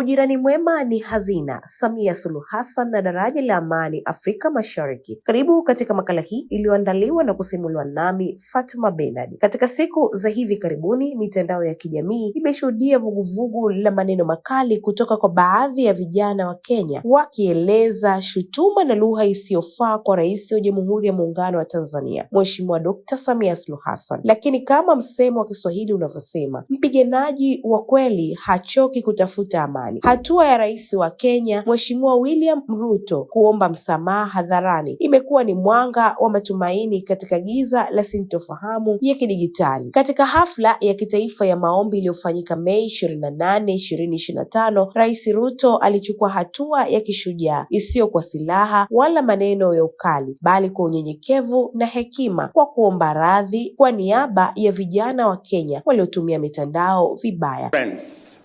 Ujirani mwema ni hazina. Samia Suluhu Hassan na daraja la amani Afrika Mashariki. Karibu katika makala hii iliyoandaliwa na kusimuliwa nami Fatma Benard. Katika siku za hivi karibuni, mitandao ya kijamii imeshuhudia vuguvugu la maneno makali kutoka kwa baadhi ya vijana wa Kenya wakieleza shutuma na lugha isiyofaa kwa Rais wa Jamhuri ya Muungano wa Tanzania Mheshimiwa Dkt. Samia Suluhu Hassan. Lakini kama msemo wa Kiswahili unavyosema, mpiganaji wa kweli hachoki kutafuta amani hadharani. Hatua ya rais wa Kenya Mheshimiwa William Ruto kuomba msamaha hadharani imekuwa ni mwanga wa matumaini katika giza la sintofahamu ya kidijitali. Katika hafla ya kitaifa ya maombi iliyofanyika Mei 28, 2025, Rais Ruto alichukua hatua ya kishujaa isiyo kwa silaha wala maneno ya ukali, bali kwa unyenyekevu na hekima, kwa kuomba radhi kwa niaba ya vijana wa Kenya waliotumia mitandao vibaya. Friends.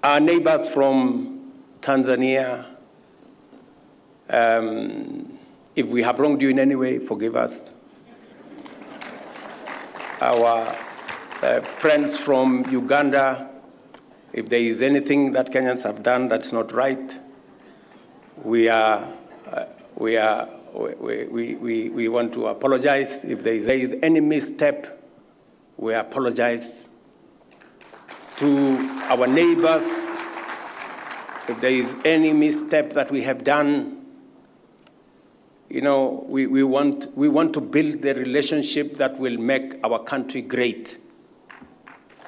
Our neighbors from Tanzania, um, if we have wronged you in any way, forgive us. Our uh, friends from Uganda, if there is anything that Kenyans have done that's not right, we are, uh, we are, we, we, we, we want to apologize. If there is any misstep, we apologize to our neighbors. If there is any misstep that we have done, you know, we, we, want, we want to build the relationship that will make our country great.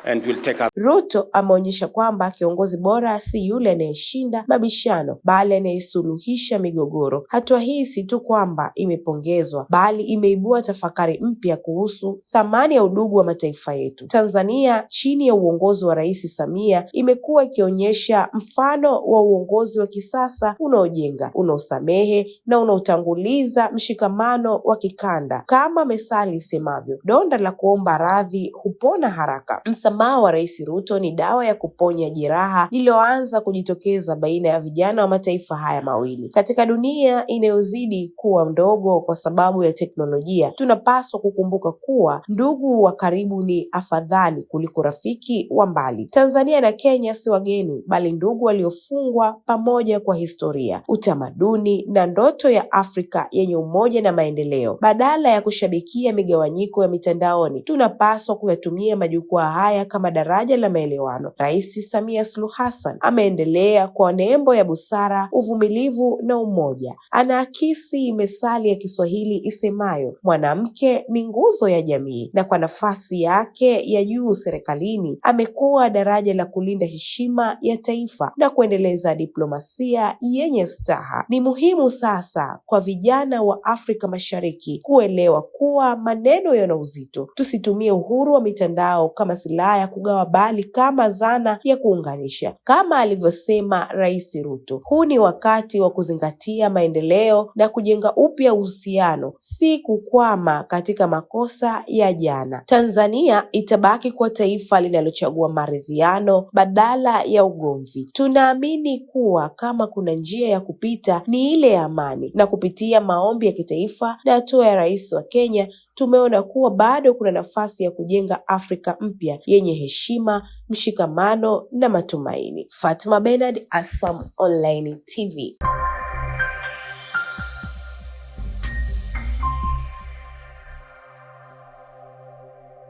And we'll take up. Ruto ameonyesha kwamba kiongozi bora si yule anayeshinda mabishano bali anayesuluhisha migogoro. Hatua hii si tu kwamba imepongezwa bali imeibua tafakari mpya kuhusu thamani ya udugu wa mataifa yetu. Tanzania chini ya uongozi wa Rais Samia imekuwa ikionyesha mfano wa uongozi wa kisasa unaojenga, unaosamehe na unaotanguliza mshikamano wa kikanda. Kama methali isemavyo, donda la kuomba radhi hupona haraka. Msama msamaha wa Rais Ruto ni dawa ya kuponya jeraha lililoanza kujitokeza baina ya vijana wa mataifa haya mawili. Katika dunia inayozidi kuwa ndogo kwa sababu ya teknolojia, tunapaswa kukumbuka kuwa ndugu wa karibu ni afadhali kuliko rafiki wa mbali. Tanzania na Kenya si wageni, bali ndugu waliofungwa pamoja kwa historia, utamaduni na ndoto ya Afrika yenye umoja na maendeleo. Badala ya kushabikia migawanyiko ya mitandaoni, tunapaswa kuyatumia majukwaa haya haya kama daraja la maelewano. Rais Samia Suluhu Hassan ameendelea kwa nembo ya busara, uvumilivu na umoja, anaakisi methali ya Kiswahili isemayo mwanamke ni nguzo ya jamii, na kwa nafasi yake ya juu serikalini amekuwa daraja la kulinda heshima ya taifa na kuendeleza diplomasia yenye staha. Ni muhimu sasa kwa vijana wa Afrika Mashariki kuelewa kuwa maneno yana uzito. Tusitumie uhuru wa mitandao kama silaha silaha ya kugawa, bali kama zana ya kuunganisha. Kama alivyosema Rais Ruto, huu ni wakati wa kuzingatia maendeleo na kujenga upya uhusiano, si kukwama katika makosa ya jana. Tanzania itabaki kuwa taifa linalochagua maridhiano badala ya ugomvi. Tunaamini kuwa kama kuna njia ya kupita ni ile ya amani, na kupitia maombi ya kitaifa na hatua ya rais wa Kenya tumeona kuwa bado kuna nafasi ya kujenga Afrika mpya yenye heshima, mshikamano na matumaini. Fatma Bernard, ASAM Online TV.